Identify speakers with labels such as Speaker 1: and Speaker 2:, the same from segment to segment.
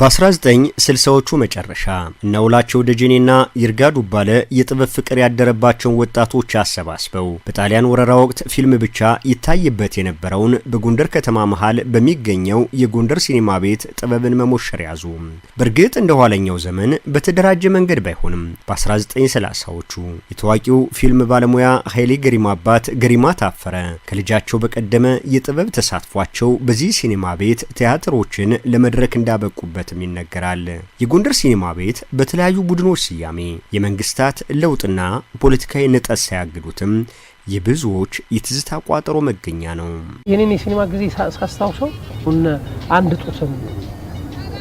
Speaker 1: በ1960ዎቹ መጨረሻ እነ ደጀኔና ይርጋ ዱባለ የጥበብ ፍቅር ያደረባቸውን ወጣቶች አሰባስበው በጣሊያን ወረራ ወቅት ፊልም ብቻ ይታይበት የነበረውን በጎንደር ከተማ መሃል በሚገኘው የጎንደር ሲኒማ ቤት ጥበብን መሞሸር ያዙ። በእርግጥ እንደ ኋለኛው ዘመን በተደራጀ መንገድ ባይሆንም በ1930ዎቹ የታዋቂው ፊልም ባለሙያ ኃይሌ ገሪማ አባት ገሪማ ታፈረ ከልጃቸው በቀደመ የጥበብ ተሳትፏቸው በዚህ ሲኒማ ቤት ቲያትሮችን ለመድረክ እንዳበቁበት እንደነበረበትም ይነገራል። የጎንደር ሲኒማ ቤት በተለያዩ ቡድኖች ስያሜ የመንግስታት ለውጥና ፖለቲካዊ ንጠት ሳያግዱትም የብዙዎች የትዝታ ቋጠሮ መገኛ ነው።
Speaker 2: የኔን የሲኒማ ጊዜ ሳስታውሰው አንድ ጡትን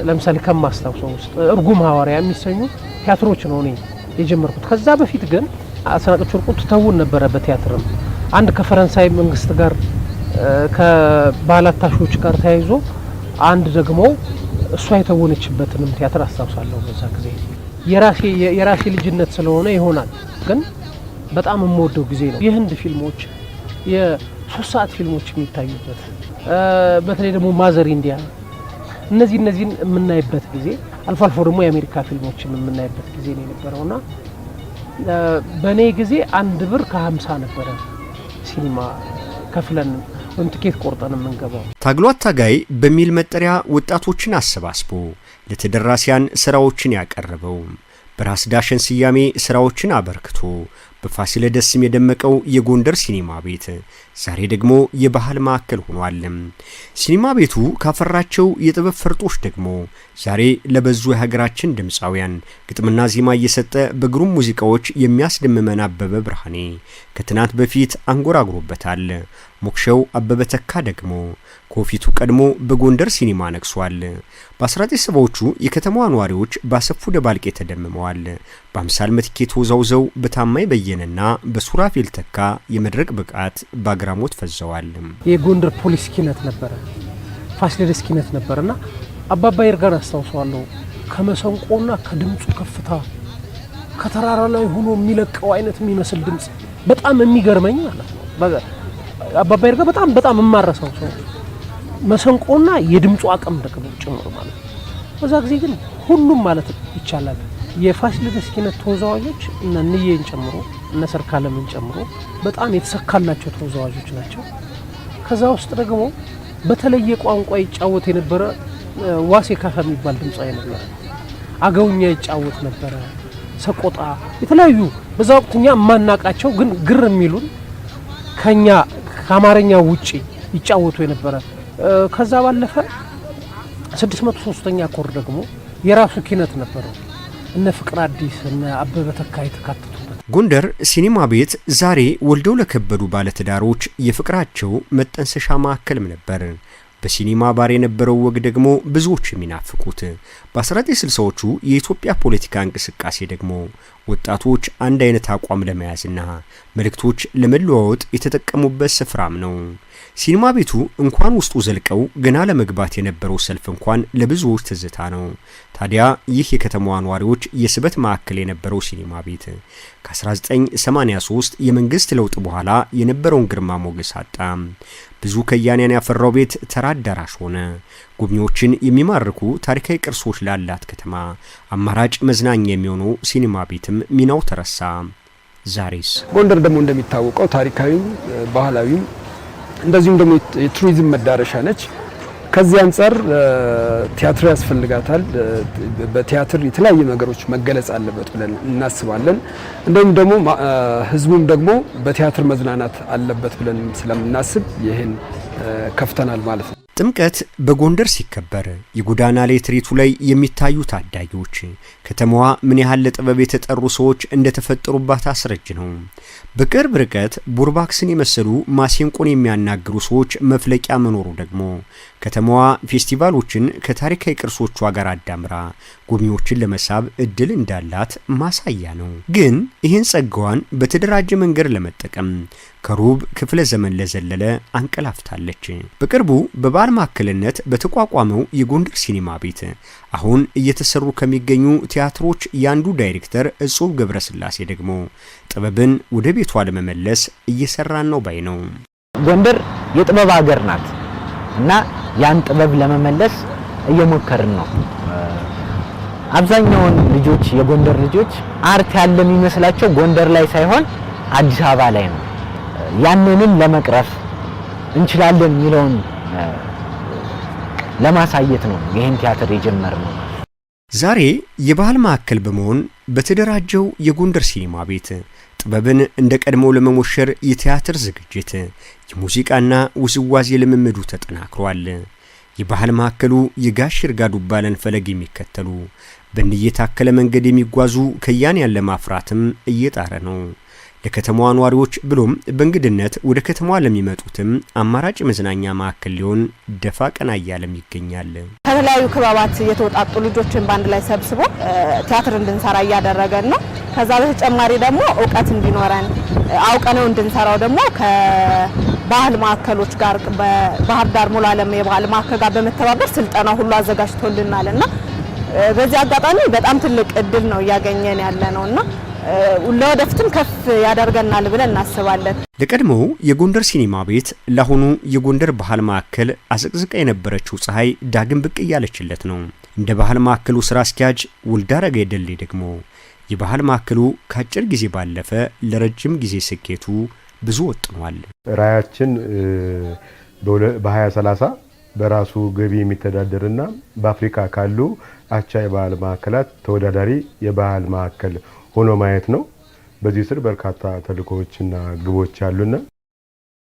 Speaker 2: ለምሳሌ ከማስታውሰው ውስጥ እርጉም ሐዋርያ የሚሰኙ ቲያትሮች ነው እኔ የጀመርኩት። ከዛ በፊት ግን አስናቀች ወርቁ ትተውን ነበረ። በቲያትርም አንድ ከፈረንሳይ መንግስት ጋር ከባላታሾች ጋር ተያይዞ አንድ ደግሞ እሷ የተወነችበትንም ቲያትር አስታውሳለሁ። በዛ ጊዜ የራሴ ልጅነት ስለሆነ ይሆናል ግን በጣም የምወደው ጊዜ ነው። የህንድ ፊልሞች የሶስት ሰዓት ፊልሞች የሚታዩበት በተለይ ደግሞ ማዘር ኢንዲያ እነዚህ እነዚህን የምናይበት ጊዜ አልፎ አልፎ ደግሞ የአሜሪካ ፊልሞችን የምናይበት ጊዜ ነው የነበረው እና በእኔ ጊዜ አንድ ብር ከሀምሳ ነበረ ሲኒማ ከፍለን ትኬት ቆርጠን የምንገባው።
Speaker 1: ታግሎ አታጋይ በሚል መጠሪያ ወጣቶችን አሰባስቦ ለተደራሲያን ስራዎችን ያቀረበው በራስ ዳሸን ስያሜ ስራዎችን አበርክቶ በፋሲለደስም የደመቀው የጎንደር ሲኒማ ቤት ዛሬ ደግሞ የባህል ማዕከል ሆኗል። ሲኒማ ቤቱ ካፈራቸው የጥበብ ፈርጦች ደግሞ ዛሬ ለበዙ የሀገራችን ድምፃውያን ግጥምና ዜማ እየሰጠ በግሩም ሙዚቃዎች የሚያስደምመን አበበ ብርሃኔ ከትናንት በፊት አንጎራጉሮበታል። ሞክሼው አበበ ተካ ደግሞ ኮፊቱ ቀድሞ በጎንደር ሲኒማ ነግሷል። በ1970ዎቹ የከተማዋ ነዋሪዎች በአሰፉ ደባልቄ ተደምመዋል። በአምሳል መትኬ ተወዛውዘው በታማኝ በየነና በሱራፌል ተካ የመድረቅ ብቃት በአግራሞት ፈዘዋል።
Speaker 2: የጎንደር ፖሊስ ኪነት ነበረ፣ ፋሲለደስ ኪነት ነበረ እና አባባ ይርጋን አስታውሰዋለሁ። ከመሰንቆና ከድምፁ ከፍታ ከተራራ ላይ ሆኖ የሚለቀው አይነት የሚመስል ድምፅ በጣም የሚገርመኝ ማለት ነው አባባይ ይርጋ በጣም በጣም የማረሰው ሰው መሰንቆና የድምፁ አቅም ደግሞ ጭምር ማለት ነው። በዛ ጊዜ ግን ሁሉም ማለት ይቻላል የፋሲለደስ ኪነት ተወዛዋዦች እነ ንዬን ጨምሮ እነ ሰርካለምን ጨምሮ በጣም የተሰካላቸው ተወዛዋዦች ናቸው። ከዛ ውስጥ ደግሞ በተለየ ቋንቋ ይጫወት የነበረ ዋሴ ካሳ የሚባል ድምፃዊ ነበረ። አገውኛ ይጫወት ነበረ። ሰቆጣ የተለያዩ በዛ ወቅት እኛ የማናቃቸው ግን ግር የሚሉን ከኛ ከአማርኛ ውጪ ይጫወቱ የነበረ ከዛ ባለፈ 603ኛ ኮር ደግሞ የራሱ ኪነት ነበረው። እነ ፍቅር አዲስ እነ አበበ ተካ የተካተቱበት
Speaker 1: ጎንደር ሲኒማ ቤት ዛሬ ወልደው ለከበዱ ባለትዳሮች የፍቅራቸው መጠንሰሻ ማዕከልም ነበር። በሲኒማ ባር የነበረው ወግ ደግሞ ብዙዎች የሚናፍቁት በ1960ዎቹ የኢትዮጵያ ፖለቲካ እንቅስቃሴ ደግሞ ወጣቶች አንድ አይነት አቋም ለመያዝና መልእክቶች ለመለዋወጥ የተጠቀሙበት ስፍራም ነው። ሲኒማ ቤቱ እንኳን ውስጡ ዘልቀው ገና ለመግባት የነበረው ሰልፍ እንኳን ለብዙዎች ትዝታ ነው። ታዲያ ይህ የከተማዋ ነዋሪዎች የስበት ማዕከል የነበረው ሲኒማ ቤት ከ1983 የመንግስት ለውጥ በኋላ የነበረውን ግርማ ሞገስ አጣ። ብዙ ከያንያን ያፈራው ቤት ተራ አዳራሽ ሆነ። ጎብኚዎችን የሚማርኩ ታሪካዊ ቅርሶች ላላት ከተማ አማራጭ መዝናኛ የሚሆኑ ሲኒማ ቤትም ሚናው ተረሳ። ዛሬስ
Speaker 3: ጎንደር ደግሞ እንደሚታወቀው ታሪካዊም ባህላዊም እንደዚሁም ደግሞ የቱሪዝም መዳረሻ ነች። ከዚህ አንጻር ቲያትር ያስፈልጋታል። በቲያትር የተለያዩ ነገሮች መገለጽ አለበት ብለን እናስባለን። እንደውም ደግሞ ህዝቡም ደግሞ በቲያትር መዝናናት አለበት ብለን ስለምናስብ ይህን ከፍተናል ማለት ነው።
Speaker 1: ጥምቀት በጎንደር ሲከበር የጎዳና ላይ ትርኢቱ ላይ የሚታዩ ታዳጊዎች ከተማዋ ምን ያህል ለጥበብ የተጠሩ ሰዎች እንደተፈጠሩባት አስረጅ ነው። በቅርብ ርቀት ቡርባክስን የመሰሉ ማሲንቆን የሚያናግሩ ሰዎች መፍለቂያ መኖሩ ደግሞ ከተማዋ ፌስቲቫሎችን ከታሪካዊ ቅርሶቿ ጋር አዳምራ ጎብኚዎችን ለመሳብ እድል እንዳላት ማሳያ ነው። ግን ይህን ጸጋዋን በተደራጀ መንገድ ለመጠቀም ከሩብ ክፍለ ዘመን ለዘለለ አንቀላፍታለች። በቅርቡ በባህል ማዕከልነት በተቋቋመው የጎንደር ሲኒማ ቤት አሁን እየተሰሩ ከሚገኙ ቲያትሮች የአንዱ ዳይሬክተር እጹብ ገብረስላሴ ደግሞ ጥበብን ወደ ቤቷ ለመመለስ እየሰራን ነው ባይ ነው።
Speaker 4: ጎንደር የጥበብ ሀገር ናት እና ያን ጥበብ ለመመለስ እየሞከርን ነው። አብዛኛውን ልጆች የጎንደር ልጆች አርት ያለ የሚመስላቸው ጎንደር ላይ ሳይሆን አዲስ አበባ ላይ ነው። ያንንም ለመቅረፍ እንችላለን የሚለውን ለማሳየት ነው ይህን ቲያትር የጀመርነው።
Speaker 1: ዛሬ የባህል ማዕከል በመሆን በተደራጀው የጎንደር ሲኒማ ቤት ጥበብን እንደ ቀድሞው ለመሞሸር የቲያትር ዝግጅት፣ የሙዚቃና ውዝዋዜ ልምምዱ ተጠናክሯል። የባህል ማዕከሉ የጋሽ እርጋ ዱባለን ፈለግ የሚከተሉ በእንዲህ መንገድ የሚጓዙ ከያንያን ለማፍራትም እየጣረ ነው። ለከተማዋ ነዋሪዎች ብሎም በእንግድነት ወደ ከተማዋ ለሚመጡትም አማራጭ መዝናኛ ማዕከል ሊሆን ደፋ ቀና እያለም ይገኛል።
Speaker 5: ከተለያዩ ክበባት የተወጣጡ ልጆችን በአንድ ላይ ሰብስቦ ቲያትር እንድንሰራ እያደረገን ነው። ከዛ በተጨማሪ ደግሞ እውቀት እንዲኖረን አውቀነው እንድንሰራው ደግሞ ባህል ማዕከሎች ጋር በባህር ዳር ሙሉ ዓለም የባህል ማዕከል ጋር በመተባበር ስልጠና ሁሉ አዘጋጅቶልናል እና በዚህ አጋጣሚ በጣም ትልቅ እድል ነው እያገኘን ያለ ነው እና ለወደፊትም ከፍ ያደርገናል ብለን እናስባለን።
Speaker 1: ለቀድሞው የጎንደር ሲኒማ ቤት ለአሁኑ የጎንደር ባህል ማዕከል አዘቅዝቃ የነበረችው ፀሐይ ዳግም ብቅ እያለችለት ነው። እንደ ባህል ማዕከሉ ስራ አስኪያጅ ውልዳረገ የደሌ ደግሞ የባህል ማዕከሉ ከአጭር ጊዜ ባለፈ ለረጅም ጊዜ ስኬቱ ብዙ ወጥነዋል።
Speaker 6: ራያችን በ2030 በራሱ ገቢ የሚተዳደርና በአፍሪካ ካሉ አቻ የባህል ማዕከላት ተወዳዳሪ የባህል ማዕከል ሆኖ ማየት ነው። በዚህ ስር በርካታ ተልእኮዎችና ግቦች አሉና